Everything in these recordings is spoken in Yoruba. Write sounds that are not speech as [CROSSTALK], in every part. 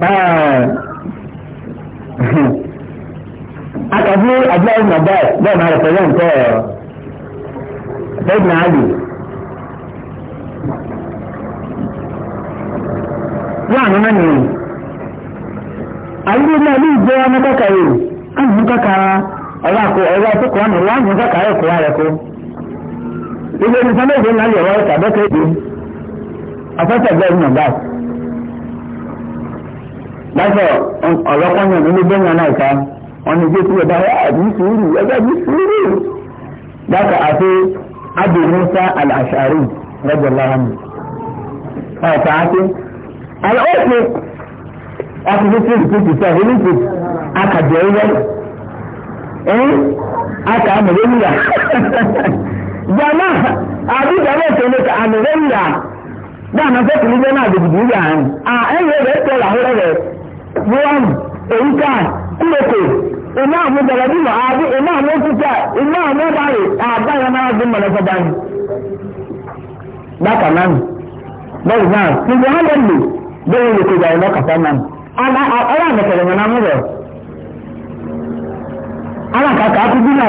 Ah. [LAUGHS] akàbí abdullahi nabal bẹ́ẹ̀ máa rẹ̀ pẹ̀lú nǹkan ọ̀rọ̀ bẹ́ẹ̀ náà lè. wọ́n àná náà nìyẹn. àyíké náà ní ìjọ ọmọ kọ́kà yìí àmì ń kọ́kà ọ̀rọ̀ àkó ọ̀rọ̀ àti kọ́ ọ̀nà wọ́n àmì ń kọ́kà ẹ̀ kó ara náà yẹ̀ wọ́n ìtàbẹ́kẹ́ yìí afẹ́fẹ́ bẹ́ẹ̀ nabal. lásọ ọ̀rọ̀ kọ́nyàn nínú gbẹ̀yàn náà ká wọn ni jésù ẹ̀dá àbí ah, sùúrù ẹgbẹ́ àbí sùúrù dákà àti abu musa al-ashari rẹ̀jọ̀ láhàmù ọ̀tà àti alọ́ọ̀pẹ̀ ọkùnrin tí ó ti sọ ìlú ti akàjẹ́ ẹ̀rọ ẹ̀yìn aka amẹ̀rẹ́yà jama àbí jama òkèlè ka amẹ̀rẹ́yà dáná fẹ́ kìlí jẹ́ náà dùdú yà á ẹ̀yìn rẹ̀ tẹ̀lé wọn erika kuloko ina mu na azin mana fa bani na ki ga halan ne bai ne ko ga ina ka san nan ana ana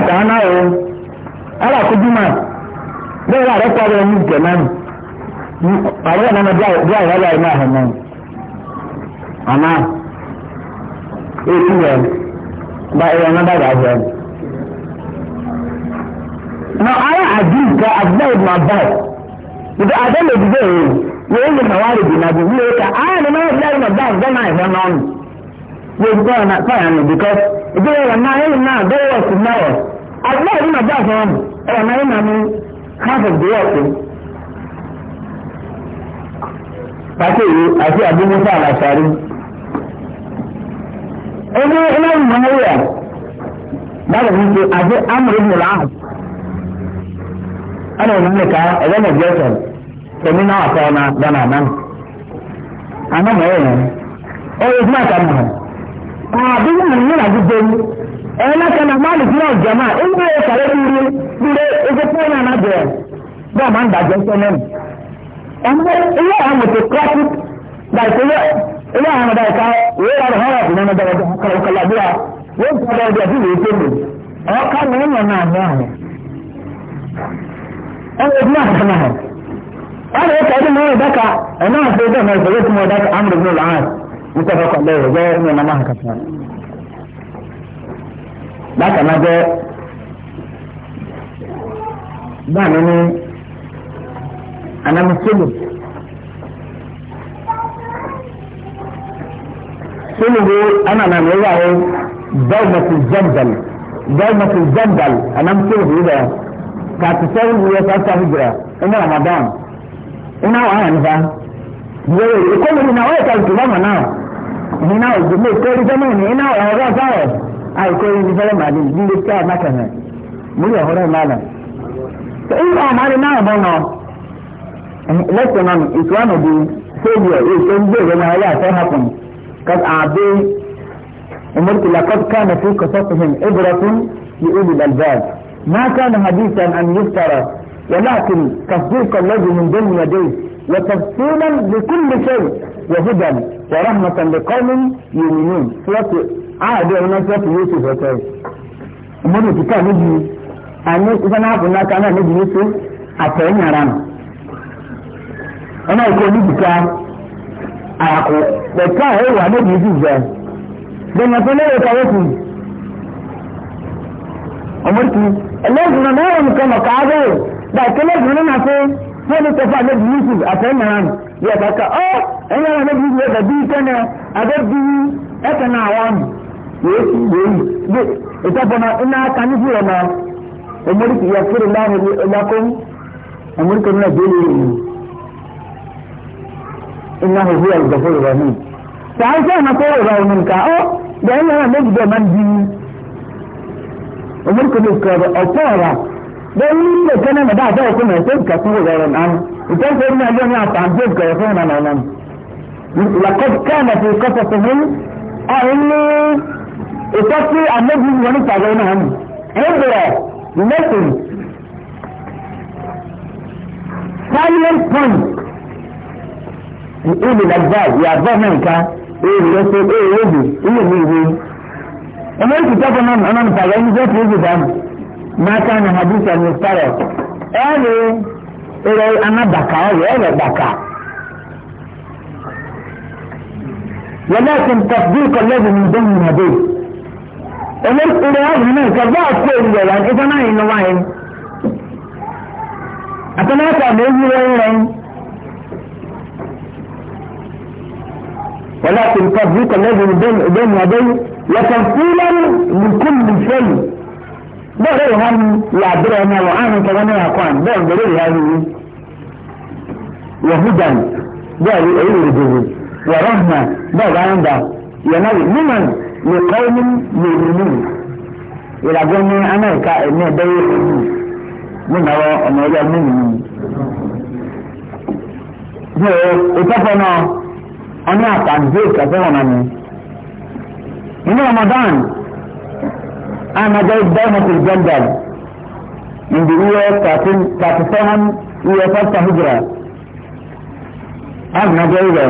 da mu o ala ètí yẹn bá ẹ̀rọ náà dàgbà jẹ. na ara àdìs ka abdullahi bin abbas ìdá dey òdìdó èyí yóò yẹ kàwárí bìnnà na wíwé ká ara ni máa abdullahi bin abbas gbọ́n náà ìfẹ́ náà na yóò fi kọ́ra náà kọ́ra nù bíkọ́ ìdí ẹ̀rọ náà ẹ̀yìn náà bẹ́ẹ̀ wọ̀ sí náà wọ̀ abdullahi bin abbas wọn ẹ̀rọ na ẹ̀yìn na ní half of the world pàṣẹ àti àbúrò sáà làṣàrí. ẹni ẹlẹ́rìí mọ̀ ẹ́ yẹ báyìí ní na àti amúlẹ̀ ìmọ̀lá ahùn ẹni ìlú nìka ẹ̀rọ nàìjíríà sọ̀rọ̀ tẹ̀mí ụmụ. àtọ̀ ọ̀nà dáná àná àná mọ̀ ẹ́ yẹn na ìdúrà kan mọ̀ àbí wọn ní ìlànà nwere ilé àwọn ọ̀dà ìka ìwé ìwà ìhọ́rọ̀ ìdílé ọ̀dà kọlọ̀kọlọ̀ bí wa yóò fi ọ̀dà ọ̀dà ìdílé ètò mi ọ̀ọ́ká mi ń yàn náà ní àná. ẹnlẹ́ ìdílé àkọ́kọ́ náà wọ́n lè kọ́ ọdún mọ́rin dáka ẹ̀nà àti ẹgbẹ́ ọ̀nà ìfọwọ́ tí mo dáka àmì ìgbìmọ̀ làwọn nítorí ọkọ̀ lẹ́yìn ọjọ́ ní ọ̀nà máa kàtà. bákan náà jẹ́ báàmì ní anamisílù sulhu ana na mai yawo daunatu zambal daunatu zambal a nan sulhu da ka ta sulhu ya sa ta hijira ina ramadan ina wa ana nufa yau ko mun na waya ta tuma mana ina wa gume ko ri zama ne ina wa ra sa ai ko ri zama malin din da ta maka ne mun ya hore malam to in ba malin na ba no lesson on is one of the failure is to when I have happened قد أعطيه أمرت لقد كان في قصصهم عبرة لأولي الألباب ما كان حديثا أن يفترى ولكن تصديق الذي من بين يديه وتفصيلا لكل شيء وهدى ورحمة لقوم يؤمنون سورة عاد هنا سورة يوسف وكيف أمرت كان نجي أن إذا نعرف أنها كان نجي يوسف أتعين أرانا أنا أقول نجي àkó pẹ̀tà ẹ̀ wà níbi ìdí ìjẹ. Bẹ̀rẹ̀ fún lẹ́yìn kàwé kù. na ẹlẹ́sìn náà náà nìkan nà káàbọ̀ dà kẹlẹ́sìn náà fẹ́ fún ẹni tẹ́fà níbi yusuf àtẹ́mìíràn yẹ kàkà ọ́ ẹ̀yìn náà níbi yusuf ẹ̀dà bíi kẹ́nẹ̀ àbẹ́ bíi Yéésù aka yẹ iná hu huwa ìgbàfọ́ ìwà mi. Sàá sẹ́ ẹ̀ máa kó ìwà omi nǹkan ọ́ bẹ́ẹ̀ ni wọ́n méjì bẹ́ẹ̀ máa ń di ní. Omorikolo kọ̀ọ̀rọ̀ ọ̀pọ̀ ọ̀rà bẹ́ẹ̀ ni ilé kẹ́nẹ́ mẹ́ta àbẹ́ ẹ̀kọ́ náà ṣé nǹkan fún ìwà ọ̀rọ̀ náà. Ìtọ́sẹ̀ ní ẹjọ́ ní àtàǹtẹ̀ ìkọ̀rọ̀ fún ìwà náà. Làkọ́tù káàmà ti kọ́sọ̀ fún mi. Ọ̀run ní ìtọ́sí àmẹ́bí wọn ìtàgọ́ náà nù. Ẹ̀bùrọ̀ mẹ́sìn. Silent point ìlú lagbad yàgbọ́ mẹ́ǹká èyí ló ṣe èyí lóbi ìlú mi ìwé. ọmọ èsì tọ́kọ̀ náà ọ̀nà nìpàgọ́ ẹni tó ti ń gbìdá máa ká ní hadith ẹni sọ̀rọ̀ ẹ lè ẹrẹ anábàkà ọ̀rẹ́ ẹ̀rẹ̀ bàkà. ولكن تصديق الذي من ضمن به ومن إلى هذا منك ضعف كل جوان إذا ما ينوعين أتناسى بإذن الله ولكن تفضيق الذي بين يديه وتفصيلا لكل شيء ده غير هم يعبر هنا وعانا كمان يا اخوان ده دليل هذه وهدى ده يرجو ورحمة ده عنده ينوي لمن لقوم يؤمنون إلى قوم أمريكا إن ده من هو أمريكا المؤمنين. إيه إتفقنا ọní àtàgbé ìkẹfẹ́ wọn ni inú ramadan amadu dẹ́mọ̀tì jẹ́ndẹ̀l ìdí iye thirteen thirty seven iye fẹ́tà hijra amadu ilẹ̀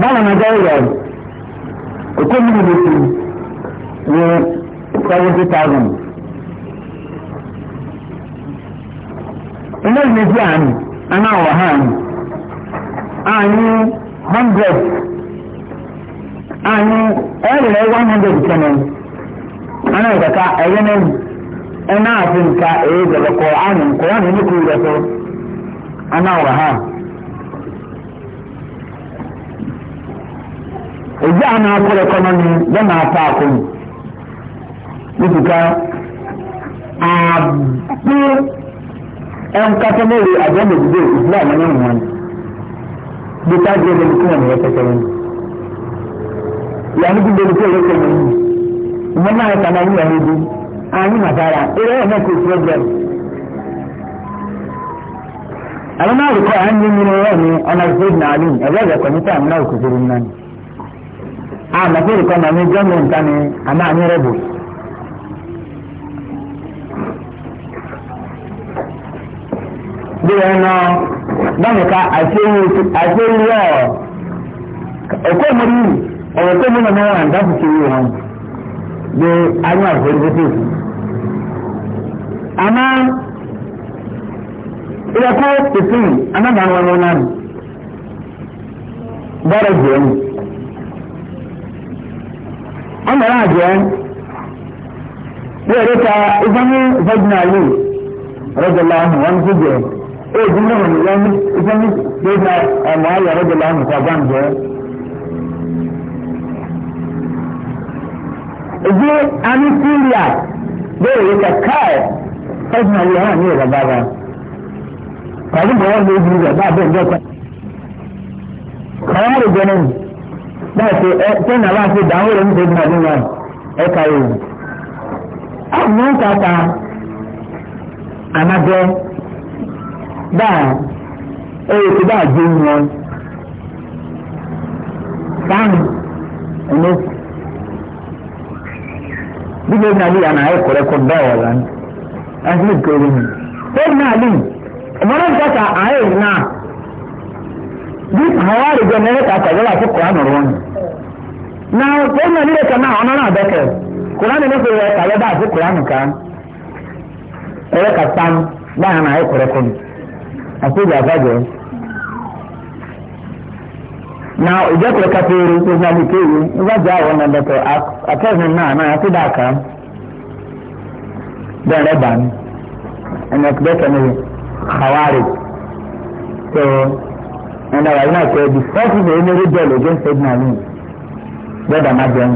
báwọn amadu ilẹ̀ òkú mi nìyí ní seventy thousand inú ìmẹ̀jì àná àná wà hàn. anyị 100 anyị a 100 e kenan ana kaka ẹyẹnẹm ẹna afi nka ẹyẹ gbẹdẹ kọ anyị nkọ ya na nnukwu ụlọ so ana ha èyí a na akọrọ ẹkọnọmi ya na ata akọm nítorí àbí ẹnkatọ mẹrin àjọ mẹjọ ìdílé àmọ ẹnìyàn bisa dia dari kena ya kekayaan. Yang itu dari kena kekayaan. Mana yang tanah ini yang itu? Ah ini masalah. Ini yang aku problem. Alama Al-Quran ni min wani onar Sayyidina Ali. Ebe ga kwani ta amna ku bí wọn nọ báwọn ká àṣẹ ilé ọ ẹ̀kọ́ mi rí ọ̀rọ̀ tó mú nàmọ wà nígbà tuntun yìí wọn bí ayé àgbẹrẹ tó tó àmọ́ ilẹ̀ kọ́ tuntun anábàá wọn wọn náà bọ́ọ̀rọ̀ jẹ́ mi ọmọ náà jẹ́ bí ẹ̀rọ ta ìfọ́nmí ìfọ́jú náà yìí rọ́jò láàmú wọn kú jẹ́ mi. èyí náà ní lẹ́yìn iṣẹ́ ní gbéga ẹ̀mọ́ ayọ̀rọ̀ jẹ́ láàmú sábà ń jẹ́. èyí àní síríà bẹ́ẹ̀ yẹ kàkà ẹ̀ ẹ̀sìn náà yẹ hàn ní ìrọ̀ bàbá. pàdé bọ̀wọ́ ló di ìrọ̀ bàbá ẹ̀ dọ́kọ̀. kàwọn àrùn jẹun náà dáa ẹ̀yẹ tó dáa jẹ́ ìwọ dáhùn ẹ̀mí bíbélì náà lè yànnà ayé kọ̀rẹ́kọ̀ bẹ́ẹ̀ wọ̀ lánàá láti lè kéré mi bẹ́ẹ̀ náà lè ìmọ̀lá ń ayé náà bí àwọn àrùjọ mẹ́rẹ́ta àtàgbọ́lá náà bẹ́ẹ̀ náà lè kàn náà ọ̀nà náà bẹ́kẹ̀ ẹ̀rẹ́ kà náà àkójọ àbájọ. na ìjọpọ̀ kàtẹ́rù tó ń sáré kéwì ìwádìí àwọn ọ̀nà dọ̀tọ̀ akẹ́rin náà náà àti dàkà ban rẹ̀ bá mi ẹ̀nà ẹ̀kúndẹ́ kẹ́mi kàwárì tó ẹ̀nà wàyí náà kẹ́ ẹ̀dì fọ́ọ̀tì tó ẹ̀mẹ́rẹ́ bẹ́ẹ̀ lọ́jọ́ ìṣẹ́gun àmì bẹ́ẹ̀ má jẹun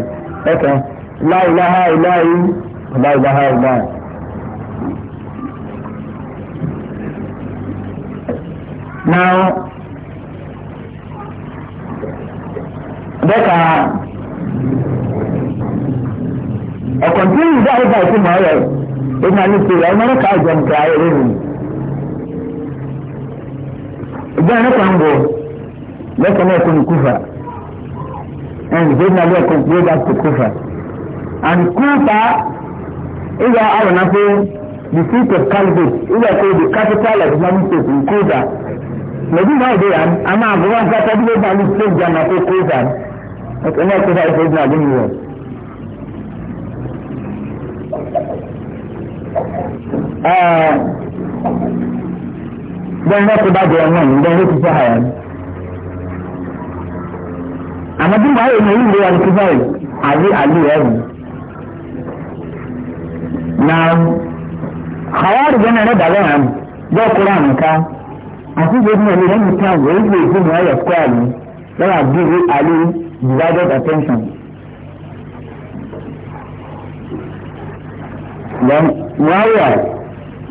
ẹ̀kẹ́ láìláha ìláyé láìláha ìláyé. Now, Becca, I continue that if I tomorrow, if I need to, I'm going to call them to I live. Then I can go. Let me open Kufa. And then I will go back to Kufa. And Kufa is our Napo, the seat of Calvin, is the capital of Islamic State in Kufa. medina ọdẹ yà ni àmà àbúrò nkata bí lóba ní stéèjì àmà tó kó ìgbà ni ọkọ náà kó ìgbà ìfẹ́ ìgbà ní ìwọ. bẹ́ẹ̀ náà kó bá jẹ ọ̀nà ní bẹ́ẹ̀ ló ti fẹ́ àyà ni. àmọ́ bí wàá yẹn ní ìlú wa ní kí na àwọn àrùbẹ́ náà rẹ̀ dàgbà hàn bẹ́ẹ̀ kúrò àti gbogbo ẹni lẹ́nu tí àwọn èèyàn lè gbé wọn ayọ̀ kọ́ àlè lọ́wọ́ àgbèrè àlè divided attention. wọ́n á yà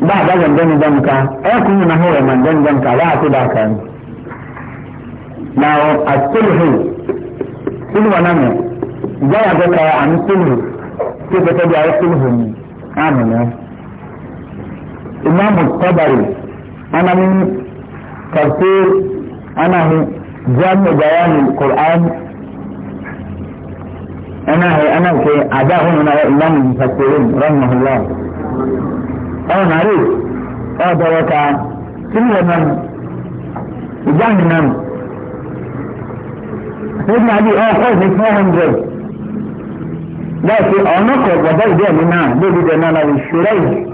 bá àbájọ ndẹ́nu dánù ká ẹ̀ kún yìí náà wọ̀ ndẹ́nu dánù ká wọ́n á kó dáa kàn. Now, as Tulhu, Tulhu Anami, Jaya Beka, I'm Tulhu, Tulhu Beka, I'm Tulhu, Amen. Imam Tabari, Anami, تفسير أنا جامع بيان القرآن أنا هي أنا في أداه من الإمام المفسرين رحمه الله أنا معروف هذا وكا كل من من سيدنا علي اه خوف اسمهم جد لكن أنقر وبلد من ده بدنا الشريح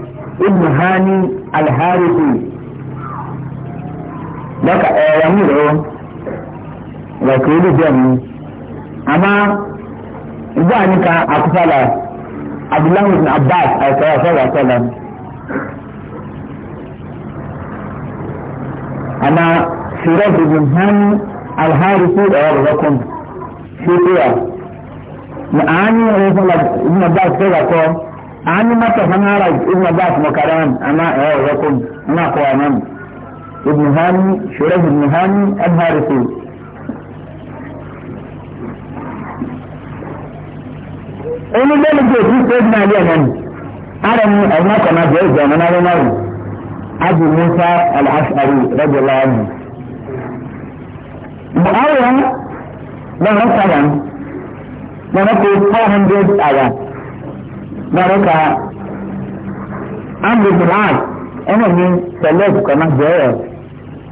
ابن هاني الهارثي baka ẹ̀yà múlò ó wọ̀kì olú bẹ́ẹ̀ mú àmá ìgbà nìkan àkúfàlà abdullahi bin abbas àìsàn àfọwọ́ àtọ́lá àmá siraj bin hami alharisi ọ̀rọ̀ rọ́kùn ṣètìyà na àánú ìfọ̀lá bin abbas fẹ́ràn kọ́ àánú mọ́tò fanára bin abbas mọ̀kàrán àmá ọ̀rọ̀ rọ́kùn náà kọ́ àmọ́ mi. ابن هاني شريه ابن هاني الهارثي أنا ده اللي جاي في سيدنا علي أنا أنا أنا انا انا انا أنا أنا انا انا انا انا انا انا انا انا انا انا انا انا انا انا انا انا انا انا أنا من ثلاث كما جاي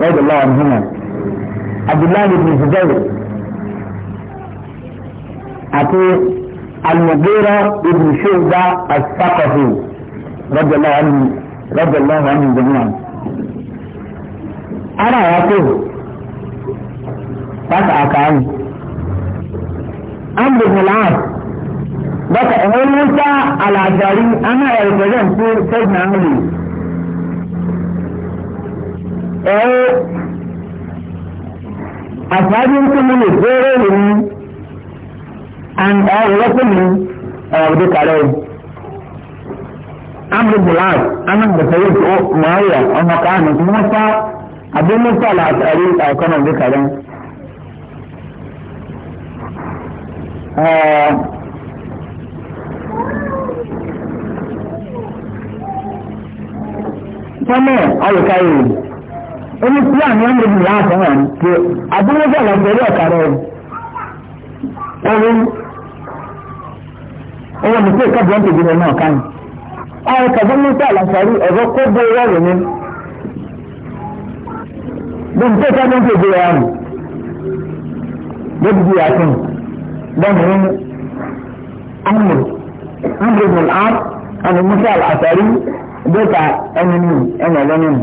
رضي الله عنهما عبد الله بن زبير أتي المغيرة بن شعبة الثقفي رضي الله عنه رضي الله عنهم جميعا أنا أتيه فاسألك عنه عمرو بن العاص بس أقول أنت على جاري أنا أتكلم في سيدنا علي ẹ̀ẹ́ àtàdé ń kún mi lè fẹ́rẹ́ mi and ẹ̀ẹ́ lọ́kùn mi ọ̀dọ́ kàrẹ́ amúgbòláàt anágbèsèrè tó mọ̀ọ́yà ọmọ káàmì tí wọ́n sá abẹ́mọ́sá làtàrí àkọ́nà ọ̀dọ́ kàrẹ́. Sọ́mọ̀ ọ̀lùkáyìí ẹni tí àmì ẹni ìlú wa sọ wọn ṣe àbúrò bọ̀lá pẹ̀lú ọ̀kà rẹ̀ ọ̀run ọwọ́ mi tó ìkàbọ̀ ń tèjì rẹ̀ náà ká ní. àwọn ìkàbọ̀ ní sọ àlàsàrí ẹ̀rọ kó bó owó rẹ̀ ní. bí n tó ìkàbọ̀ ń tèjì rẹ̀ àmì lóbi bí àtún bọ́ọ̀mù nínú amúlò amúlò ní àmì musa àlàsàrí dókà ẹni nù ẹnì ọ̀lọ́nìmù.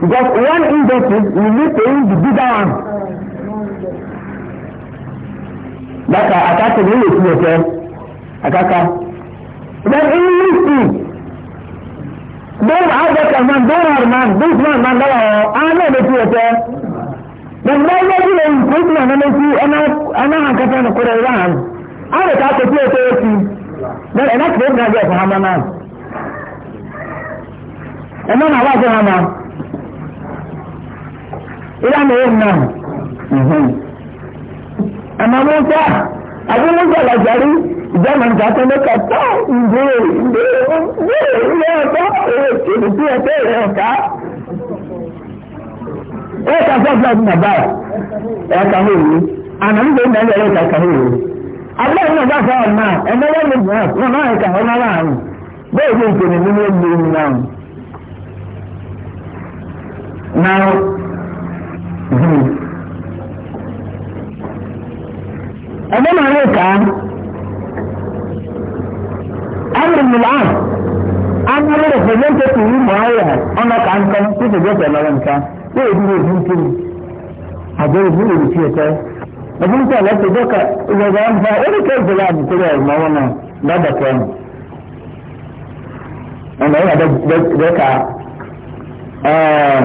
Because one injustice will lead to the bigger one. Daka akaka ni yóò fi ọ̀fẹ́ akaka. Then English thing. Don't have that man Don't have man this man man dawa ọ ana ẹ̀ fi ọ̀fẹ́. Then wọ́n yẹ kí lóyún kó tún àná lé sí ẹná hàn kẹfẹ́ ní kúrẹ́ ìlú àná. A lè ká kó tí ọ̀fẹ́ yẹ sí. Then ẹ̀ná kìlọ̀ ìgbìyànjú ẹ̀fọ́ hàn mọ́ náà. Ẹ̀ná náà wá sí hàn mọ́ ìlànà yẹn nà àmọ́ musa àbí musa làjàrí ìjọba nǹkan tó lọ́kà tó ǹdèrè ǹdèrè ǹdèrè ilé ọ̀tọ́ èrè tìrì tí ẹ̀tọ́ èrè ọ̀tá. ó kà fọ́fọ́ ọdún bàbá ẹ̀ kà hó yìí àná ń gbé ìdálẹ́ ẹ̀ kà kà hó yìí. abúlé ìlú ọ̀gá fọ́ ọ̀nà ẹ̀mẹ́rẹ́ mi jù náà náà ẹ̀ka ọ̀nà láàrin bẹ́ẹ̀ ni ìpènè mi ló ń gbé ìlú náà ẹgbẹ́ máa lè kà á amúlùmílà amúlùmílà pẹ̀lú ẹgbẹ́ tó yí mọ́ ayà ọ̀nà kà ń kọ́ tó tó gbẹ́sẹ̀ lọ́wọ́ nǹkan tó yẹ kúrò ní kí ni àjọ ìlú lè fi ẹ̀kọ́ ẹ̀fún tí a lọ sí dọ́kà ìjọba ń fa oríkẹ́ ìjọba àbùkúrò ẹ̀rọ wọn náà lọ́dọ̀ kọ́ ni ọ̀nà ìyàdọ̀ dọ́kà ẹ̀ẹ́.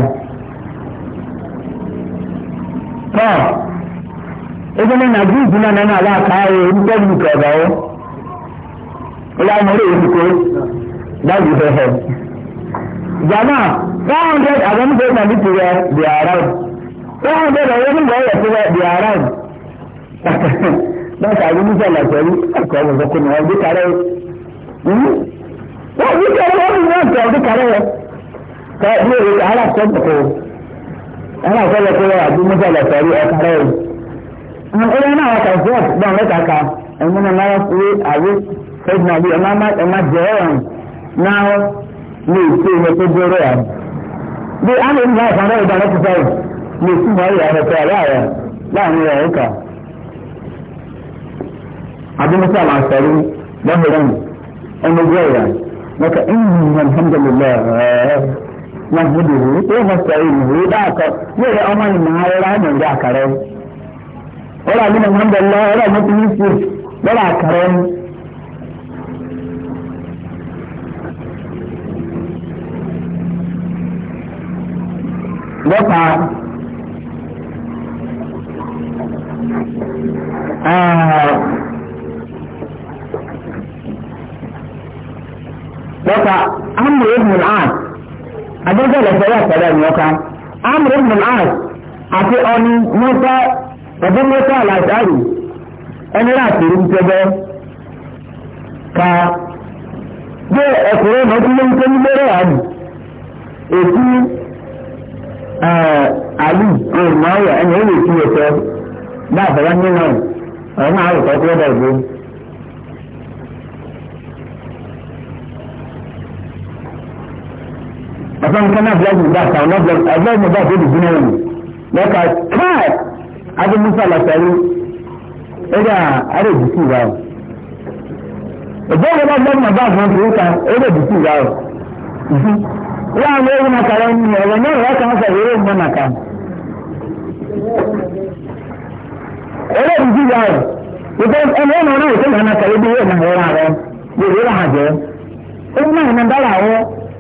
tọ́ ebe ní nàìjíríà na nánà aláàkáyé nítorí nǹkan nke ó ìlànà orí èkó dájú fẹ́fẹ́. jama four hundred àgbẹ̀nufẹ́ nàbí ti rẹ̀ di around four hundred ọ̀wọ́ nígbà ọ̀yẹ̀ ti ẹ̀rọ àkọlẹ̀kọlẹ̀ àdúmọ́sàlẹ̀ sọ̀rí ọ̀kàrẹ́ o. ẹ̀rọ náà wọ́n kàn fún ọ̀tún náà lẹ́ka ka ẹ̀mú náà náà fi àwé fẹ́ẹ̀dì náà bí ẹ̀ máa jẹ́ ẹ̀rọ̀n náà lè tó ilé tó dúró yà. bí a lè ní láì fún ọ̀rẹ́ ìdáná ti sọ̀rọ̀ lè fún ọ̀rẹ́ ìyàtọ̀ ọ̀rẹ́ rẹ̀ láàrin rẹ̀ ẹ̀ka. àdúmọ́sàlẹ̀ sọ̀rí lọ́mọdé ẹ̀mú نحمده ونستعينه ذاك يرى أمان ما يرى من ذاك ولا من الحمد لله ولا متنسي ولا كرم وقع وقع عمرو بن العاص àjọjọ́ lọ́sọ̀rọ̀ àpẹẹrẹ ni ọ̀ka amúrú mùláàs àti ọ̀nì mọ́tà ọ̀dọ́ mọ́tà àlàsáàrì ẹni láti rí tẹ́gbẹ́ ka gbé ẹ̀kúrẹ́ náà tún lé nítorí nígbẹ́rẹ́ àmì èsì àlù ọ̀rùn máa wà ẹni ó lè fi bá àbẹ̀rẹ̀ nínú ọ̀rùn máa wà tọ́jú ọ̀dọ̀ ọ̀sán nǹkan náà blọ́ọ̀gì nígbà kan náà blọ́ọ̀gì nígbà tó dùn sínú ẹ̀yìn lẹ́ka káì adémúsà làtàrí ẹ̀dá àrègbèsì ìwà ọ̀ ẹ̀jẹ̀ ìwé bá blọ́ọ̀gì náà bá àwọn ọ̀sán ìwé kan àrègbèsì ìwà ọ̀ láàrin ewu nàkà rẹ̀ ní ọ̀rọ̀ náà rẹ̀ kàn sọ eré ìgbọ́n nàkà eré ìdíjà rẹ̀ ìgbẹ́ ẹni ọ̀nà náà ìṣẹ̀lẹ̀ nàkà ebi ìwé nàkà rẹ̀ rẹ̀ bí ìwé rà jẹ́ ó ní àyìnbá làwọn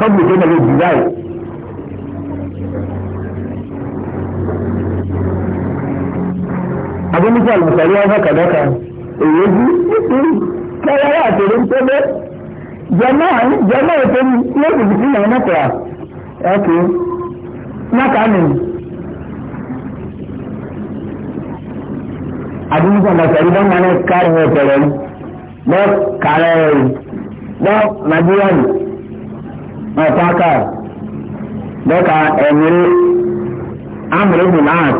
public ẹ̀ lè jù báyìí. abúlé àlùfáàrí wọn fọkàdọ́kà èyí ojú nítorí káyọ̀rọ̀ àtẹ̀lé ń tẹ́lẹ̀ jẹ́mọ́ jẹ́mọ́ ètò lóògùn bìtì náà mọ́tòrà ẹ̀kẹ́ mákàánì. abúlé àlùfáàrí wọn máa ń kárẹ̀ ẹ̀tẹ̀rẹ̀ lọ́ọ̀ kárẹ̀ ẹ̀ lọ́ọ̀ nàìjíríà yìí ọ̀páká lọ́ka ẹ̀mìrí amìrí mìíràn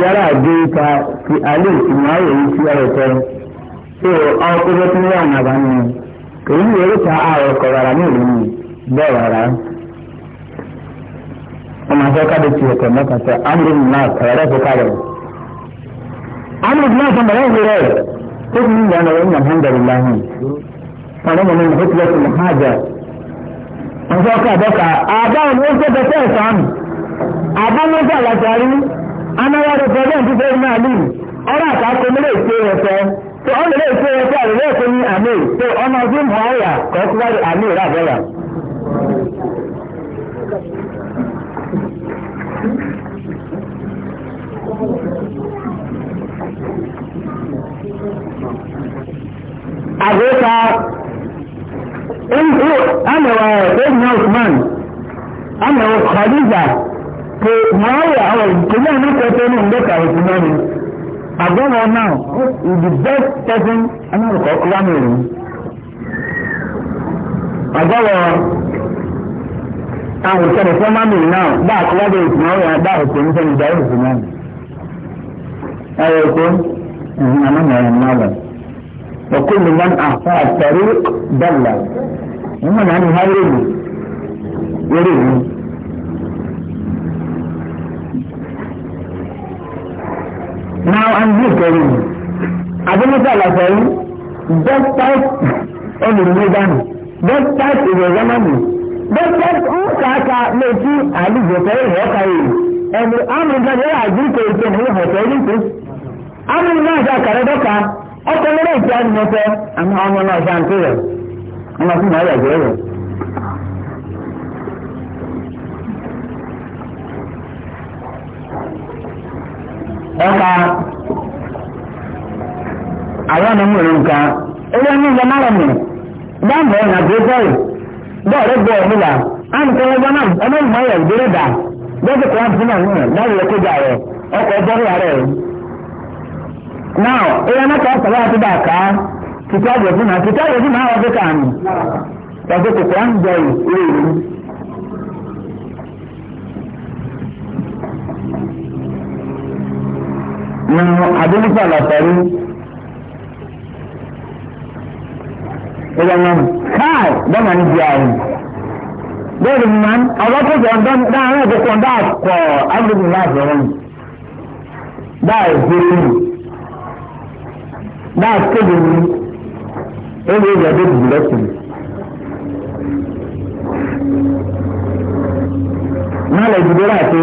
yára dé ipa ti alẹ́ ìmọ̀ọ́yẹ̀ yìí sí ọ̀rọ̀ tẹ́ ṣé ọkùnrin tó ń wà nàbà ni èyí ni orúkọ ààrẹ kọ̀ọ̀rọ̀ ní ìlú bẹ́ẹ̀ rárá ọmọ afẹ́ káde ti ẹ̀kọ́ mẹ́ta sọ amìrí mìíràn ọ̀rọ̀ tó kárẹ̀ amìrí mìíràn sọ mọ̀lẹ́ ìwé rẹ̀ tó fi ń yànnà ẹ̀yìn alhamdulilayi ọ̀rọ̀ mọ̀ ní ìhókùnrin tó ń hájà ọ̀sọ́kà bọ́kà àbáwọn ó gbẹ́gbẹ́ tẹ́ ẹ̀sánù àbámọ́sà làtàrí anáwárò pẹ̀lẹ́ǹtì fẹ́ẹ́ náà lù ọ̀rọ̀ àkàkọ mílẹ̀ ìṣe rẹ̀ fẹ́ tó ọ̀nà ilé ìṣe rẹ̀ fẹ́ àrẹ̀lẹ́ ìṣe ní àmì tó ọmọ ọdún mọ́ọ̀yà kọ́kúwárì àmì rà bọ́là. àgbẹ̀ka ana wa sayyidina usman ana khadija ko mawaya awal kuma na ko ne da ka usman agbọnọ now is the best person anarukọ kúlámẹrin agbọwọ àwọn ìṣẹ̀lẹ̀ وكل من أعطاه الطريق ضل ومن عن يريد يريد Now I'm here telling you. Adonisa Lasari, despite Olumidani, oh, despite Iwezamani, despite Nkaka oh, Lechi Ali Jotari Hokari, and Amrika Jera Agriko na Hokari, Amrika Jera Karadaka, ọkọ mẹrẹ ìfẹ ànìmọfẹ àwọn ọmọ náà ṣe àǹtí rẹ ọmọ fún màá yàgbé rẹ. ọkà àwọn ọmọ mìíràn nǹkan eré ní ìjọba náà mi dáàbò ẹ̀ nà gbé sọ́ọ̀rì bọ́ọ̀rẹ́ gbé ẹ̀ nílà á nìkan ọgbọ́n náà ọmọ ìmọ̀ ẹ̀ gbé rẹ̀ dà bẹ́ẹ̀ kọ́ àǹtí náà nìyẹn láyé ẹ̀kọ́ jà rẹ̀ ọkọ̀ ọgbọ́n rẹ̀ rẹ̀ now eya maka sala ati da ka kita je funa kita je funa wa ke kan ta ko ko kan je ri nínú adúlùfà lọ́tọ́rí ìyànnà káì bọ́mà ní bíi àrùn bẹ́ẹ̀ ni mà ń ọlọ́kùnrin ọ̀dọ́n dáhùn ẹ̀dẹ́kùn dáàkọ̀ ágbègbè náà fẹ́ràn dáà ìgbéléwò náà kéde ní ẹni ìyá tó dùn lẹ́sìn. náà lè dìbò láti.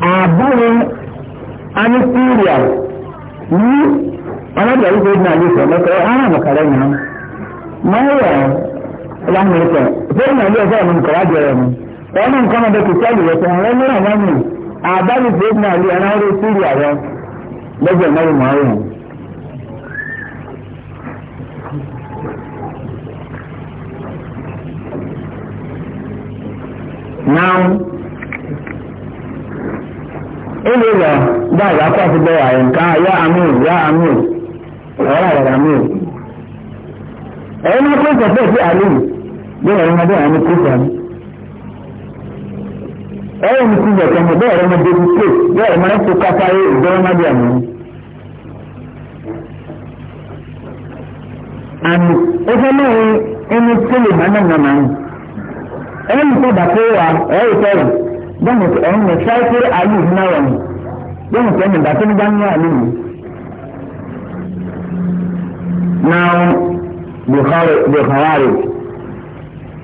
àbúrò ani síríà ní hmm? ọlọ́dọ̀ yìí tó dín àyè sọ̀rọ̀ lọ́kọ̀ ẹ̀ hàn àmọ̀kàrẹ́ yìí náà. máa ń láàmì ìtọ̀ fóònù ilé ẹ̀fọ́ ọ̀nà nǹkan wájú ẹ̀rọ mi wọ́n ní nǹkan ọ̀dọ̀ kìí sẹ́ẹ̀lì rẹ̀ sọ̀rọ̀ ẹ̀rọ náà wọ́n mi àbálù fóònù ilé ẹ̀rọ orí sírí àrẹ lọ́jọ́ ìnáwó màárùn. náà ilé ìlọ bá ìyá kó àti bẹ́ẹ̀ àyè nǹkan yá amúl yá amúl ọ̀rọ̀ àyè amúl ẹ̀rọ náà kó ìtọ́jú àlè yìí bẹ́ẹ̀ ọ̀rọ̀ ọmọdé àwọn kúrò ní. ẹ̀rọ mi ti yẹ̀ kẹ́mi bẹ́ẹ̀ ọ̀rọ̀ ọmọdé mi pè bẹ́ẹ̀ ọ̀rọ̀ ọmọdé kó kápáyé ìgbẹ́rẹ́ ọmọdé àná. àmì ẹgbẹ́ náà ẹni tó lè máa náà nàá ní. ẹ̀rọ mi tó bà pé wà ẹ̀rọ ìtọ́rọ̀ bẹ́ẹ̀ ẹ̀rọ mi sáyẹ́kẹ́ ayé ìdúná wọ̀ ní. bẹ́ẹ̀ ìtọ́ mi bàtí ní gbáńgá àlè mi. now the khawarij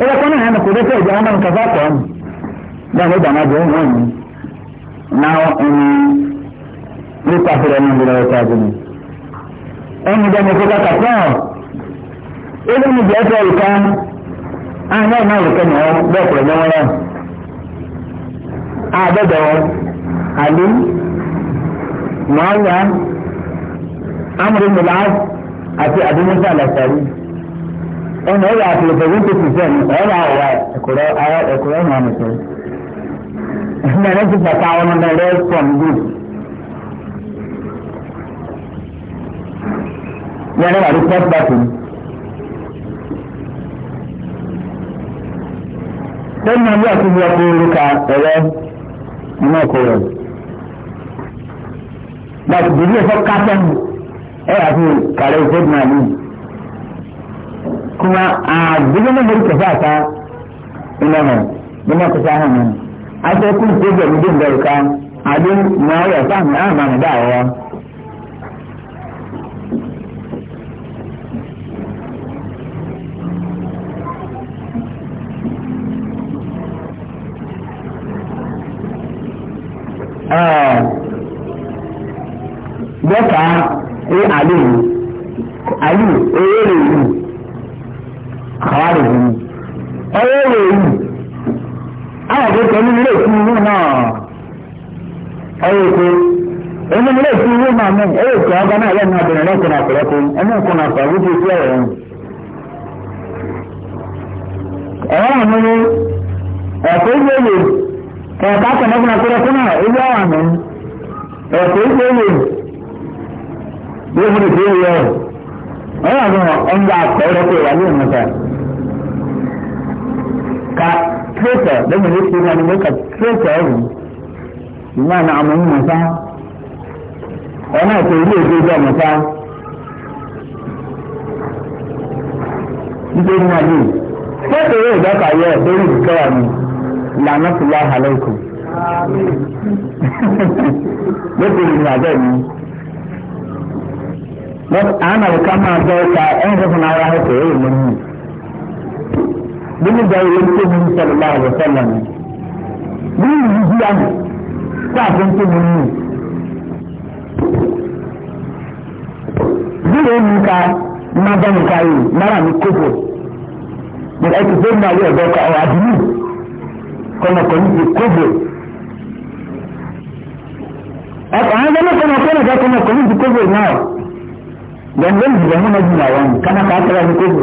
ẹ̀rọ kan náà kò dé fẹ́ ìjà wọn bá nǹkan bá kọ́ ọ́nù báwo ìjà máa bẹ̀rẹ̀ wọn ni náà ẹni ní pàṣẹ ẹni ìlú ọ̀rọ̀ ṣáájú ni. ẹni ìjà mi kò bá kàtó ọ̀ ilé mi jẹ́ ẹ̀fọ́ ìka àwọn ọ̀nà ìrìkẹ́ ni wọ́n bẹ́ẹ̀ pẹ̀lú lọ́wọ́ rẹ̀. àbẹ̀dọ̀ àlú mọ̀ọ́yà amúrúmùlá àti àdúmọ̀sá àlàsàrí ọ̀nà ọ̀rọ̀ àtìlẹ̀ seventy percent ọ̀rọ̀ àwọ̀ ẹ̀kọ́rọ̀ ẹ̀kọ́rọ̀ ọ̀nà ọ̀nàṣẹ́. ẹ̀hìn ẹ̀rọ ti bàtà àwọn ọmọ ẹ̀rọ from good. yẹ́nì wà ní first battle. lẹ́yìn náà bí àti bí ọkọ̀ orí ka ẹ̀rọ iná ọkọ̀ rẹ̀. bàtì bìbí ẹ̀fọ́ kásán ẹ̀ àti kàrẹ́ ìfẹ́ ìdìnnà yìí kuma a gudunar da rike sa ta ina mai muna ku sa hannun a sai kun ce da rudin da rika abin na ya sa mu a ma da yawa ah. Dọ́kà ẹ àlè àlè ewé lè yìí àwọn èrò yìí àwọn àgbẹ̀kọ̀ ní ilé ìfúnnú náà ọ̀rọ̀ èkó ẹni ilé ìfúnnú náà mú ẹ̀rọ ìkọ̀ ọba náà lẹ́nu abẹ̀rẹ̀ lọ́kùnrin àpẹ̀rẹ̀kọ ẹni ìkùn àpẹ̀rẹ̀ tó fi ọ̀rọ̀ yẹn. ẹ̀rọ àmì ni ẹ̀kọ́ ìgbéyè kẹ̀kọ́ àtẹ̀lẹ́kùn àpẹ̀rẹ̀kọ náà ebi àwọn àmì ẹ̀kọ́ ìgbéyè bí ó mú ìgbéyè ọ̀rọ̀ àmì ọ̀njà àpẹ̀rẹ̀kọ ìwà ní ìmọ̀ta ka treta don mu ne su na ne ka treta yau ina na amin masa wani ake yi oge ga masa ndo na ne treta yau da ka yi ọdọ yi kawa ne lanatu la halaiku lókè ní abẹ́ mi wọ́n àánà ká máa bẹ́ẹ̀ ka ẹ̀ ń fẹ́ fún ara ẹ̀ kò yẹ ìmọ̀ nínú ìgbà ìwé tó mú sọlọ́lá rẹ̀ sọlọ́ ni nínú ìlú bíi àná sáàfin tó mú nù. bí wọ́n mú ká má bá mi ká yìí náírà mi kókò ní ẹtù tó mú àwọn ọ̀dọ́ ọ̀rọ̀ àdúgbò kọ̀nàkọ̀nì ti kókò. ọkọ̀ àwọn ẹgbẹ́ kọ̀nàkọ̀nì kan kọ̀nàkọ̀nì ti kókò náà. gbẹ̀ngbẹ̀ngbẹ̀ mọ́nà jùlọ àwọn kánà kàá tẹ̀lé ní kókò.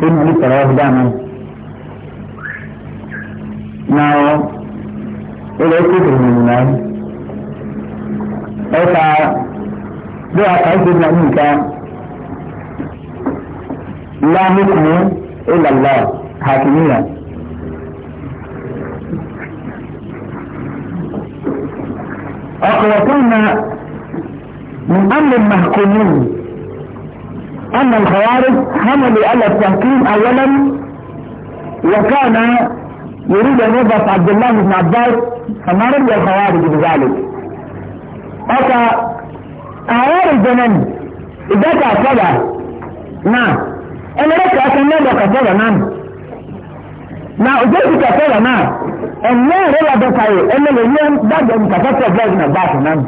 sínú oníkọ̀rọ̀ ọ̀dà náà. Náà ilé ìkéde ìrìn náà ẹ̀ka bí aka ìkéde náà nìka lámùkùn ìlàlá hàkìmíyà. أقوى من أمر المحكومين أن الخوارج حملوا على التحكيم أولا وكان يريد أن يضغط عبد الله بن عباس فما رضي الخوارج بذلك أتى أعوار الزمن إذا كذا نعم أنا لك أتنبى كفر نعم na ujeji kafara na ẹ̀mọ́ rẹ̀ yàtọ̀ sáyé ẹ̀mọ́ lè ní dábẹ̀ ní kàfẹ́ tẹ̀ bẹ́ẹ̀ ní ọ̀gbà àfọ̀nàmù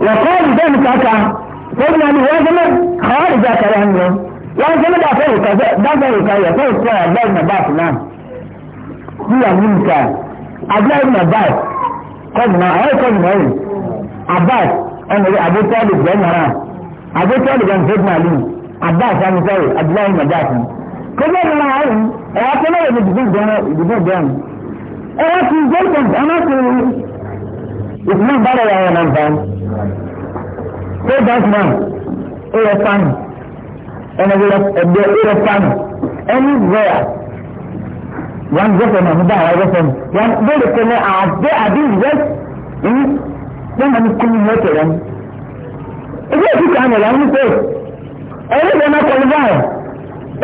وقال ذلك أكا سيدنا لي وازم خوارج أكا يعني وازم دا فوق دا فوق يا فوق سوى الله ابن عباس نعم هي منك عبد ابن عباس قد ما أي قد ما أي عباس أنا أبو طالب جاي مرة أبو طالب أنا سيدنا لي عباس أنا سوي عبد الله ابن عباس كل ما أي أنا كنا يجيبون جانا يجيبون جانا أنا في جلسة أنا في islam bá lọ́wọ́ àwọn àǹfààní ṣé batman ẹ̀rọ fan ẹ̀dẹ̀ ẹ̀rọ fan ẹni zẹ́yà wọn gbẹ́sẹ̀ náà mo bá àwọn gbẹ́sẹ̀ mi wọn bẹ́ẹ̀ lè kẹ́lẹ́ àdé àdé ìwẹ́ ẹni lọ́nà mi kú mi mọ́tò rẹ̀ mi ebi èsì kan yẹn lọ́nà mi pé ẹni lọ́nà kọlu báyìí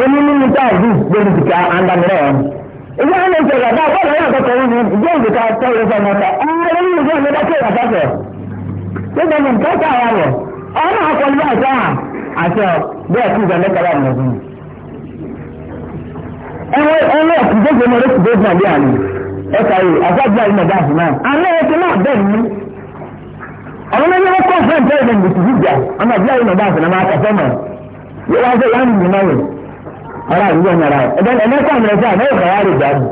ẹni mímú táàbù lórí ìdìkà àndàmìrẹ́ wọn. ìdí àwọn ọmọ ìṣẹ̀lẹ̀ bá bọ́ọ̀lù ẹ̀yà kọ̀ọ̀kọ̀ wọn ni ìdí òǹdè ká tẹ́lẹ̀ fẹ́ mọ́ta ọ̀rọ̀ yìí ìdí òǹdè dákẹ́ ìdàkọ́sọ̀ nígbà mi nǹkan tá a wọ̀ ọ̀rọ̀ àkọlù àṣà àṣà bẹ́ẹ̀ kí ìjọba mẹ́ta láàmú ọ̀sán. ẹ̀wọ̀n ẹ̀wọ̀n ọ̀kùnjẹ́gbẹ̀mọ rẹ̀ kùdé fún àbí àná ẹ̀ka yìí àṣà bí àyè mẹ́ta fún náà. àná ẹ̀ ti náà bẹ́ẹ̀ ni àwọn ẹni wọ́n kọ́ fún ẹ̀ńtẹ́rẹ̀ẹ́dẹ̀ ọ̀rọ̀ àdúgbò nara ẹ̀ ẹ̀dá ẹ̀dá àmì ẹ̀sẹ̀ àmì ẹ̀kọ́ yà rè dàbí.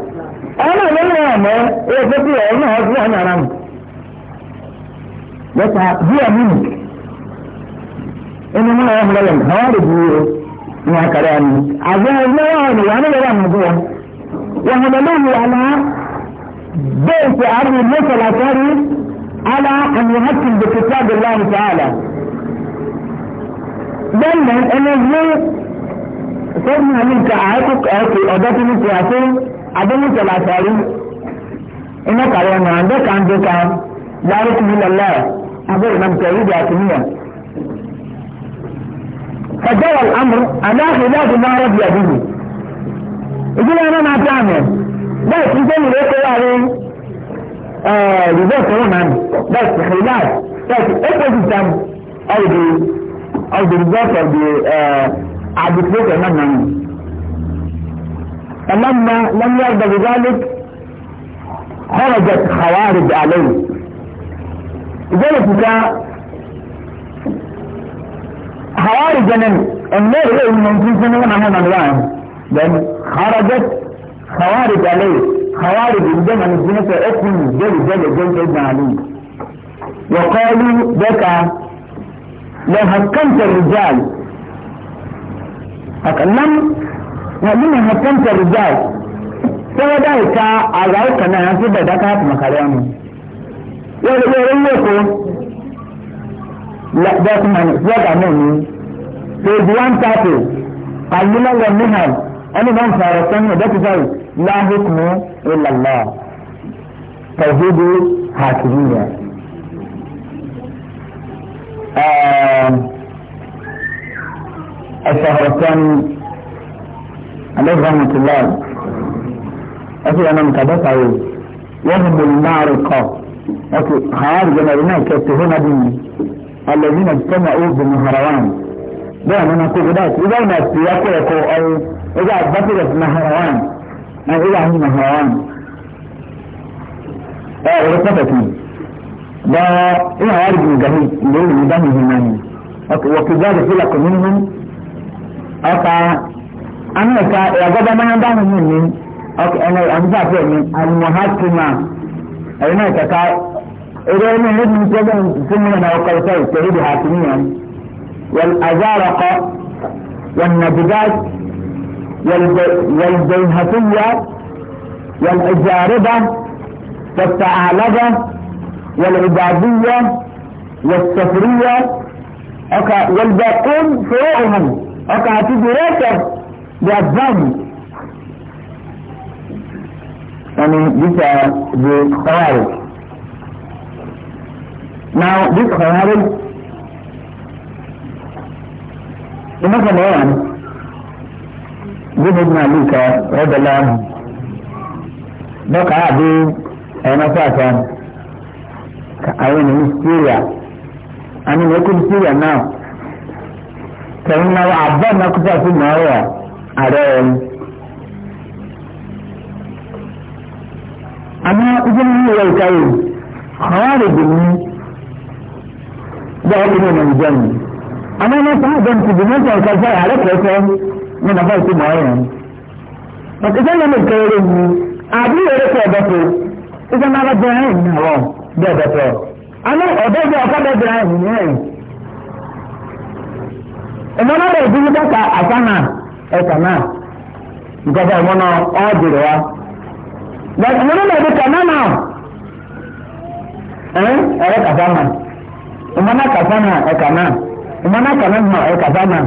ọ̀nà ìlú náà mọ̀ ẹ̀ ẹ̀ fẹ́ ẹ̀ ọ̀nà ọ̀sùn wọn nara mu. bẹ́ẹ̀ ta bí ẹ̀mí mi ẹni mọ́ ọ̀hún lọ́wọ́ mi àwọn àdìgbò yìí ní àkàrà mi. àbí ẹ̀mí ọ̀hún wà ní lọ́wọ́ àmì bọ́ wọn hàn lóyún àná bẹ́ẹ̀ ti àrùn mọ́sálà kárí على أن يهتم بكتاب الله تعالى. دائما أنا sẹ́yìn àníkà àẹ́kù ọ̀dọ́túnúkù àti adéníṣẹ́ làtàrí iná kàrí ọ̀nà àdékàndéka lárúkú nílẹ̀ lẹ́ẹ̀ abẹ́rẹ́ náà tẹ̀lé ìdí àtúnyẹ̀. فجرى الامر على خلاف ما رضي به. يقول انا ما تعمل. لا تنزل ليك يعني آه ريزورت كمان بس خلاف بس ايه الجسم او دي او دي ريزورت او دي آه عدتوك أمامنا نعم. فلما لم يرضى بذلك خرجت خوارج عليه ذلك خوارج من النار هي نعم من ممكن سنة من ونحن نوعهم لأن خرجت خوارج عليه خوارج الجنة من سنة اسم جل جل جل جل ابن علي وقالوا بك لو هكمت الرجال nan wani hatanta rijal sai da ita a rayuka na yanzu da daga hatu makariya mu yau da yaron yau da kuma ya ga mun ne to biyan ta to alilan wa mihal ani man fara san da ta sai la hukmu illa allah tauhidu hakimiyya eh الشهر الثاني عليه رحمة الله أكيد أنا متابعت عليه وهم المعرقة أكيد خارج جمالنا كتهون بي الذين اجتمعوا بمهروان ده أنا أقول ذلك إذا ما استيقظ أو إذا بطلت مهروان أو إذا هي مهروان أو رتبتي ده إيه عارض مجاهد ليه مجاهد هناني وكذلك لكم منهم ọkà àwọn ẹ̀ka ìyàgọ́dọ̀ máa ń dáhùn mí ní ẹ̀nà àmúfà fún ẹ̀mí àlùmọ̀hátìmá ẹ̀yìn náà kẹ̀kẹ́ eré ẹni níbi tí wọ́n fún mi náà ọkọ̀ ìfẹ́ ìtẹ̀lé ìdè hàtìmíyàn wọ́n azárọ̀kọ wọ́n nàbìgá wọ́n bẹ̀yìnhàtìyà wọ́n ìjàrẹ́bà wọ́n tààlọ́bà wọ́n ìbàdíyà wọ́n sọ̀fúríyà ọkà wọ́n bẹ̀ ọkà àti uh, the rest of their ground. I mean, these are the Khawarij. Now, this Khawarij, the Muslim one, this is my Luka, Rabbalah, Bọ́kà àbí ẹ̀rọ sáàsá àwọn ènìyàn Syria, àmì ìwé kúrú Syria now. tẹ̀yìn náà àbọ̀ náà kúta sí mọ́ọ̀rọ̀ ààrẹ ẹ̀rọ. àmọ́ ojú ní ìwé ìka yìí àwọn àrègbè ní bẹ́ẹ̀ ní ìwé ìjọ mi. àmọ́ ní sáà bẹ́ẹ̀ ti dùn mọ́tò ìka sọ ààrẹ ní bàbá ìsú mọ́ọ̀rọ̀ yẹn. bàtà ìjọ náà lè kẹ́ mi àbí eré kẹ́ ọ̀dọ́ tó ìjọ náà bá bẹ́ẹ̀ ní àwọ̀ bẹ́ẹ̀ bẹ́ẹ̀ tó. àmọ́ ọ̀dọ́ ẹ̀mọ́ náà lè dúró dáka àtànà ẹ̀ka náà ìjọba ẹ̀mọ́ náà ọ́ wa ẹ̀mọ́ náà lè dúkà náà náà ẹ̀ẹ́n ẹ̀rẹ́ kàtà náà ẹ̀mọ́ náà kàtà náà ẹ̀ka náà ẹ̀mọ́ náà kàtà náà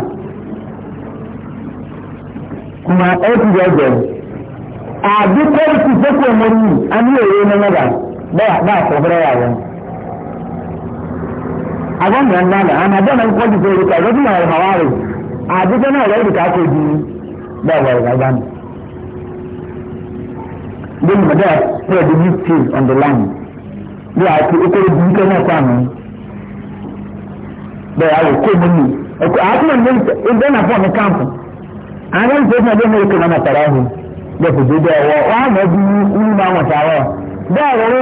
ẹ̀ka a agbọ́nmọ̀ ńlá náà àmà jẹ́ náà kọ́jú pé olùkọ́ ẹ̀rọ fúnra rẹ̀ hàwá rẹ̀ àdúgbò náà rẹ̀ olùkọ́ kò di bẹ́ẹ̀ wọ̀ ẹ̀rọ ní. bí mo dẹ́ spread the new thing on the land bí a ti okòrò bí ike náà sàmì bẹ́ẹ̀ a wò kó mi nì ẹ̀kọ́ àtúnmọ̀ ní ẹgbẹ́ náà fọ́ọ̀mù káàmpù àwọn ẹ̀rọ ìṣẹ́fún ẹgbẹ́ mi kò náà mọ̀ sàrà ẹ̀hìn bẹ́ẹ̀ dé bẹ́ẹ̀ wọ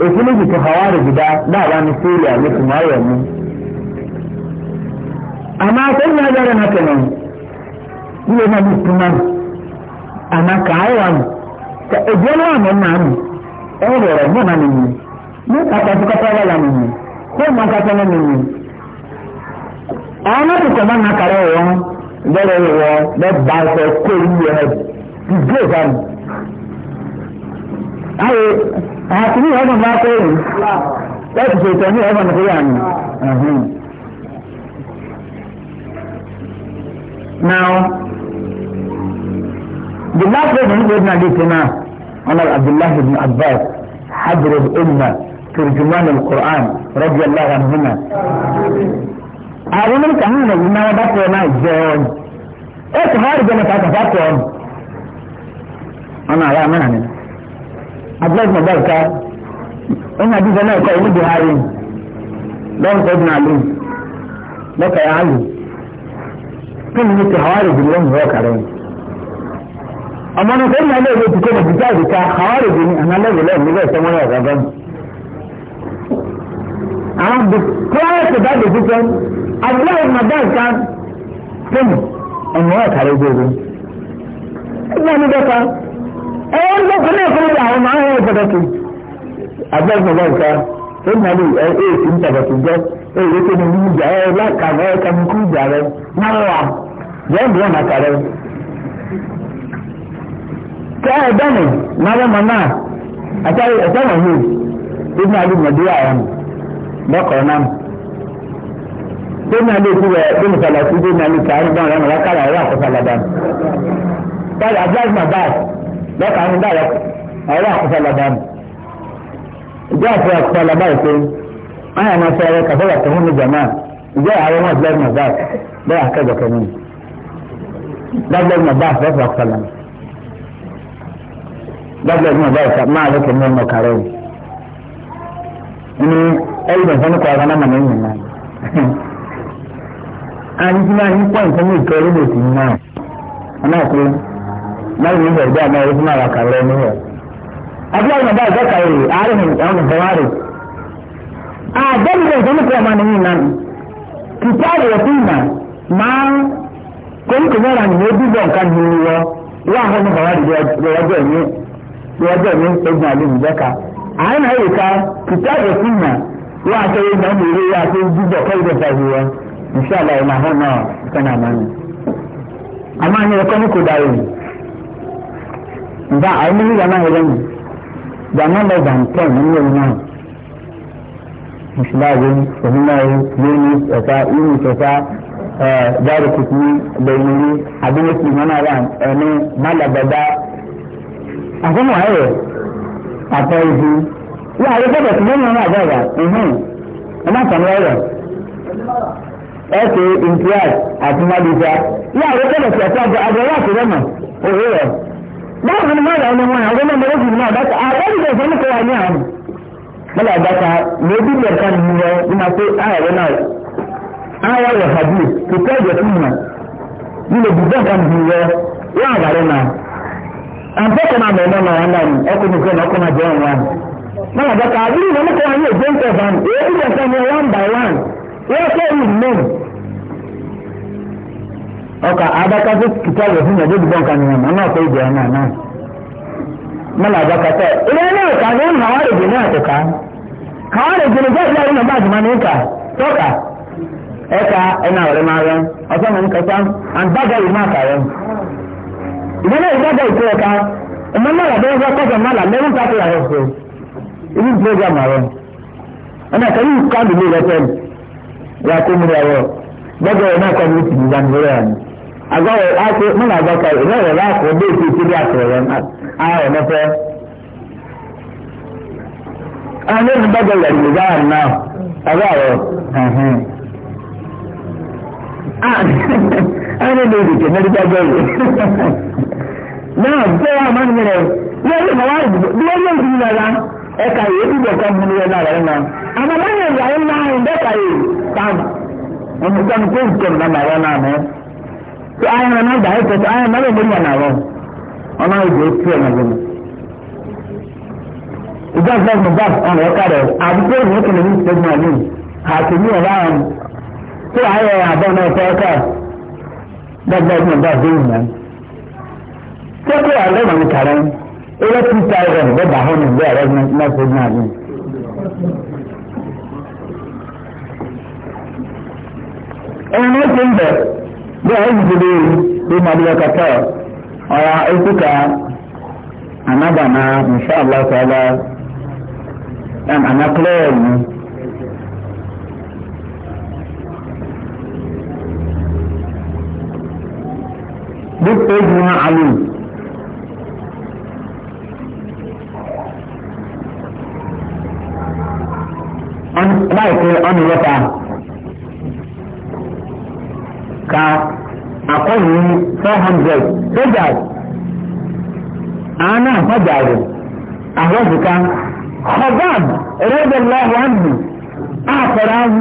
òfin méjì tó hàwá rẹ̀ gbìdá dáàbá ní síríà ní tùmáyọ̀ mú. àmọ́ akẹ́yìn náà dára náà kẹ̀lẹ́ nílé náà ní túmá àmọ́ kàáyà mú ka èdè ọ̀nà àmọ́ náà mú ẹ̀rọ rẹ̀ mọ́ náà nìyí ní kàtàkùkàtà wà lá nìyí kó mọ kàtà náà nìyí. àwọn náà tẹ̀sán náà kàrẹ́ wọ̀ lọ́rọ̀ wọ̀ kó yíyẹ àtúnyí ọdún bá pé rè láti ṣe ìtọ́jú ọdún tó yà ní. Now, the last verse in Ibn Aditana, Honorable Abdullah ibn Abbas, حبر الأمة ترجمان القرآن رضي الله عنهما. أعلم لك أن ما بطل ما الجون. إيه خارج أنا تعرف أنا يا منعمل. abdullahi bin abarka wọn náà dídá náà kọ ìlú buhari lọ́wọ́ sọ́dún àlù lọ́kà yà áyù kí ni mi ti hawari jù lọ́wọ́ ìwọ́ kàrẹ́ ọmọ náà sọ́dún àlù èlò ìdíkọ́ ìdíkọ́ ìdíkọ́ hawari jù ní na lẹ́yìn lẹ́yìn nígbà ìsọmọ náà ọ̀gá gan. àwọn bìkọ́ ti bá dèjì sọ abdullahi bin abarka kí ni ọmọ náà kàrẹ́ gbogbo. ẹgbẹ́ mi dọ́ka ẹ̀wọ́n lọ́kùnrin ẹ̀kọ́ sadaki agbẹ́gbẹ́ lọ́ọ̀ta ó nàlẹ́ ẹ ẹ ti ń tàbàtì jẹ́ ẹ ìwé tó ní nínú ìjà ẹ láka ẹ kàmíkú ìjà rẹ náà wà jẹ́ ìdúró nàkà rẹ. kẹ́ ẹ dánù nàrẹ́mọ náà àtàrí ẹ̀sẹ̀ wọ̀n yìí ìdúró àlù mọ̀dúrà ẹ̀ lọ́kọ̀ọ́ náà. Dóni alẹ́ ti rẹ̀ dóni falasi dóni alẹ́ ti àárín dáhùn lẹ́nu lákàrà ẹ̀rọ àkọsàlàdà. Báyọ̀ Abdullahi ọwọ́ àkọ́fà labanu ìjọ àti àkọ́fà labanu pé àwọn àmọ́ sọ tó hún ní ìjọ àwọn ọmọ ìbílẹ̀ ìmọ̀ báà bẹ́ẹ̀ akẹ́gbẹ̀ẹ́ kẹ́mi dábìlẹ̀ ìmọ̀ báà fẹ́ fà kọ́lá dábìlẹ̀ ìmọ̀ báà fà máa lókè ní ọmọ kàrẹ́ ni ẹ̀yìn ìfẹ́ ní kọ́ra náà mọ̀ ní Na na abdullahi na baa zaka yi arihin yawon hawari a dalilin da muka ma nan nan kitabu wa sunna ma kun kuma ran ne dubon kan ni yo ya hanu hawari da wajo ne da wajo ne ibn ali zaka a yana yi ka kitabu ta yi da mu ya ta dubo kai da sahiwa insha Allah ina hana kana mani amma ne ko muku dawo they are not less than ten nínú ìlú náà mùsùlùmí òmìnirí yunus ẹ̀ka yunus ẹ̀ka dáàrú kùtùmí bẹ̀rẹ̀mí abínúsì mọ́nàrán ẹ̀mí málàbẹ̀dá àfọwọ́ ayẹ̀ àtọ́ ìdí yóò àyè bẹ́ẹ̀ tí lónìí náà àgbàgbà ẹ̀hìn ẹ̀má tàmí ọ̀rọ̀ ẹ̀kẹ́ ìntìyà àti mádìsá yóò àyè bẹ́ẹ̀ tí àti àgbà àti rẹ̀ òwúrọ̀. báwo ni máa yà ọ́ lọ́wọ́ àwọn ọmọ ẹgbẹ́ ìgbìmọ̀ àbáta àwọn ìgbà ìfẹ́ ní kọ́ra ní àwọn. mọ́lá àbáta lóbi ìyẹn kan ní ọ ní ma pé ààrẹ náà ààrẹ rẹ̀ hàbí kìkọ́ ẹ̀jẹ̀ fún mi nílò bùbá kan bí ọ wọ́n àbárẹ̀ náà. àǹfọ̀kọ̀ máa mẹ́rin náà wọn náà ẹkùn ní fún ọkọ̀ máa jẹ́ wọn wọn. mọ́lá àbáta àbúrò ìmọ̀ ọkà adakasi kìtàwé fún yàtọ̀ ìdìbò nǹkan nìyẹn mọ náà kó ìdí ẹ̀ náà náà mọ́nà àbákatẹ́ ilé ní ìka ní ọ̀nà àwọn èdè ní àtẹ̀ká àwọn èdè ní bẹ́ẹ̀ lẹ́yìn náà bá àjùmọ̀ ní ìka tọ́ka ẹ̀ka ẹ̀nà ọ̀rẹ́ máa rẹ̀ ọ̀sán mi ń kẹta àgbàgà ìmọ̀ àkàrẹ̀ ìdí náà ìgbàgà ìkó ẹ̀ka ọmọ náà làbẹ́ ẹgbẹ́ kọ́kọ́ náà làbẹ́rún pàtó rẹ̀ ṣe ibi ìgbé ọjà mà rẹ̀ yìí ká lùlù rẹ̀ yà kó mi rẹ̀ rẹ̀ gbọ́dọ̀ náà kọ́ agbawo ake muna agbaka ina wọ laakọ ọdọ esi esi bi atọrọ wọn a ayọ n'ọfẹ a ní ìlú bàbá ìyàrá ìlú báyà náà agbawo a ní ìlú ìdíje ní ìdíje ọjọ yìí náà bẹ́ẹ̀ wà máa ń yẹrẹ lórí ìmọ̀lá ìdìbò lórí ìdìbò lọ́la ẹ̀ka yìí ìdìbò kan mú ní ẹ̀la rẹ̀ náà àmọ́ láyé ìyàrá náà ń bẹ́ẹ̀ kà yìí pàm ọmọ ìgbà ní kó ìtọ̀ nígbà náà náà mọ́ tí ayé wọn náà gbà yẹ kẹsàn ayé náà lóun yàn àrọ ọmọ ìgbà ètí ẹ̀ nàgbọ́n. ìjọ ìfẹ́ mi bá ọ̀nà ẹ̀ka rẹ̀ àdúgbò ìwé kìnnì ní ìṣẹ́gun àmì àti ní ọ̀rá wọn tí ayé àbọ̀ náà fẹ́ ẹ̀ka dọ́gba ìgbà bá dé ìyàn. tẹ́kù àlẹ́ wọn ni kàrẹ́ ilé tí táyà rẹ̀ bẹ́ẹ̀ bá hàn ní ìgbé bí a yìí dìde bí mo adìyẹ kàtà ọ̀rọ̀ ekúkà anabana inshàlá sọlá ẹn anakulẹ̀ mi. This page now Ali. On, like, on the water ka akɔnyi four hundred sojas ana sojaru ahwazika hobab radiallahu anhu akɔrɔ ahu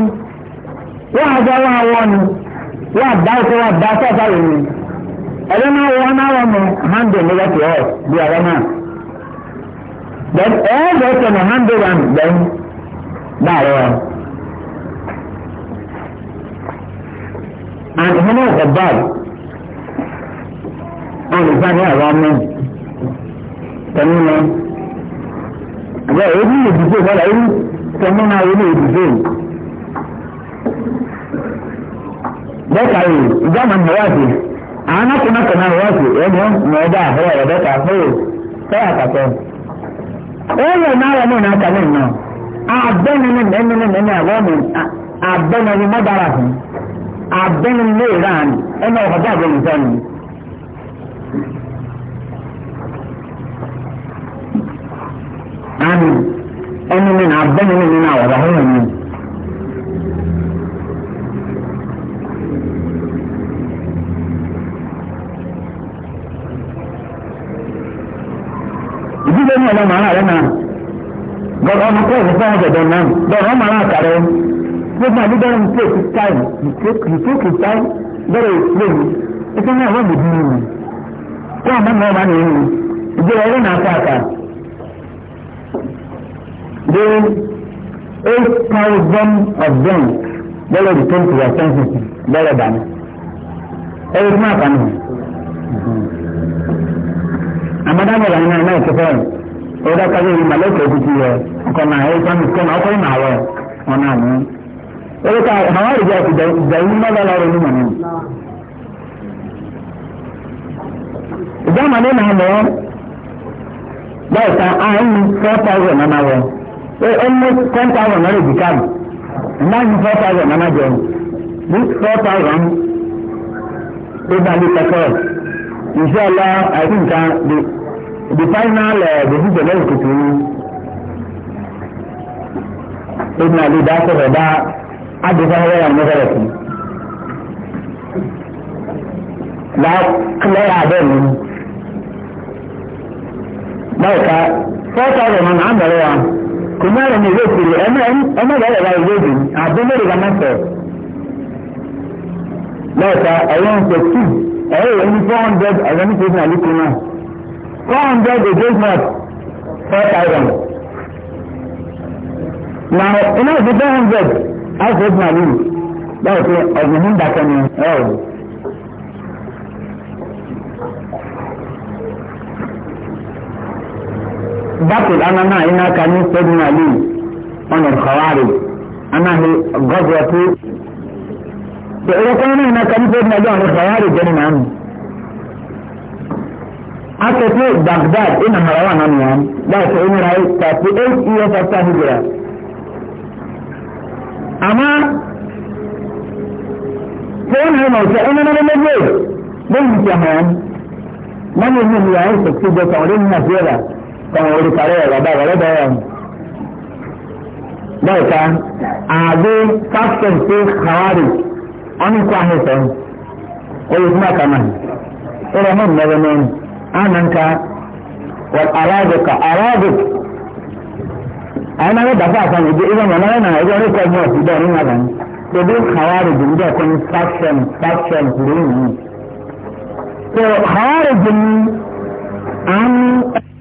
wa aja wa awɔnu wa daako wa daako asare ni ɛdɛ na awɔ na awɔ mu hundred ne bɛ tiɛ bi awɔ na then ɛɛ bɛ tɛ no hundred and then daa yɛ. and hana gabal olùfani àwọn ọmọ tẹnu lọ àgbà ebi ìdìbò wọlé ebi tẹnu náà wọlé ìdìbò bẹ́ẹ̀ka yìí ìjọba ní wáàsì àwọn akọ̀nàkọ̀ náà wáàsì ẹni mọ̀ọ́dá àbúrò rẹ̀ bẹ́ẹ̀ka fóòrò sẹ́yà kàtọ́ ẹ̀rọ náà wọ́n náà kàlẹ́ nù abẹ́ni ní mẹ́ni ní mẹ́ni àwọn ọmọ abẹ́ni ní mọ́dára fún un abẹ́ni lè rà ní ẹnà ọ̀kọ̀dá àbẹ̀yìn sọ́ni. Ami ẹni mi na abẹ́ni mi nínú àwọ̀dá ọ̀hún mi. Ìdílé ní ọ̀nà màá rẹ̀ náà gbọ́dọ̀ ọmọ kọ́ ìfúnfún ọ̀gẹ̀dẹ̀ náà gbọ́dọ̀ ọmọ àkàrẹ́ gbogbo àdúgbò mistake time mistake mistake time bẹ́ẹ̀ explain ẹsẹ̀ náà wọ́n bèbí mi kó àmọ́ mi wà ní ìlú ìjọba ẹ̀rọ náà pàtà the eight thousand of them bẹ́ẹ̀ di ten to their senses bẹ́ẹ̀ dànù ẹ̀rọ tó máa kànú. àmọ́dáwọ̀ wà nínú àná ìkẹfẹ́ ẹ̀rọ dákàlẹ́ ìlú màlẹ́kẹ̀ẹ́ tuntun yẹ ọkọ̀ náà ẹ̀rọ tó máa kọ́ náà ọkọ̀ ìmọ̀ àwọ̀ ọ̀nà àná wọ́n ká àwọn àrùjọ àti ìdàrú mọ́lá lára onímọ̀ náà. ìdáhùn àdéhùn àmọ́ báyìí ká àárín four thousand náà wọ ẹ almost ten thousand náà lè di káàdì ìmáàyìn four thousand náà jẹ this four thousand ló bá lè kẹ́kọ̀ọ́ ìṣọ́lá àti nǹkan the the final uh, decision lẹ́yìn tuntun ní ìdílé àlè dá sọ̀rọ̀ dá adìsá wọ́n yà mọ́tàlá sí. Láàkúlẹ́rà bẹ́ẹ̀ ni. Báyìí ká fọ́ọ̀tà rẹ̀ nínú àbẹ̀rẹ̀ wa. Kò ní àrùn ìwé ìpìlẹ̀ ẹ̀mọ́ ìbẹ̀rẹ̀ wa ìwé ìdì àbúmọ̀rẹ̀ la máa sọ̀rọ̀. Báyìí ká ẹ̀yọ́ ń pẹ̀ tù ẹ̀yọ́ ìwé ní four hundred organization àlùkò náà. four hundred a day four thousand. Now, iná ìdí four hundred alfa ibn ali báwo pé ọ̀gbìn ní ìdákẹ́ ni ọ̀rọ̀ bákìl anana iná ka ní ibn ali ọ̀nà ìkọ̀wárì anáhi gọ́gọ́ tó ṣe ìrẹ́kọ́ náà iná ka ní ibn ali ọ̀nà ìkọ̀wárì jẹ́ nínú àmì akẹ́kọ̀ọ́ baghdad ina marawa náà nìyẹn báwo pé ó nira 38 years after hijrah amma ko wani yi mauta ina na nan ne don yi jama'a nan yi mun yayin su ci da taurin na fiye kan wuri kare ya gaba gare da yawan dauka a zo kafin sai hawari an kwahe sai ko yi kuma kamar ilimin na zama anan ka wal arabic arabic àwọn náà dàpọ̀ àfààní ìdí ìgbà mọ̀ náà náà ẹgbẹ́ oníkọ́ ẹgbẹ́ ọ̀sùn bẹ́ẹ̀ nínú àgbà ní gbogbo kàwárìjì ń dẹ̀kọ́ ní faction faction lóyún yìí. so kàwárìjì ni àwọn.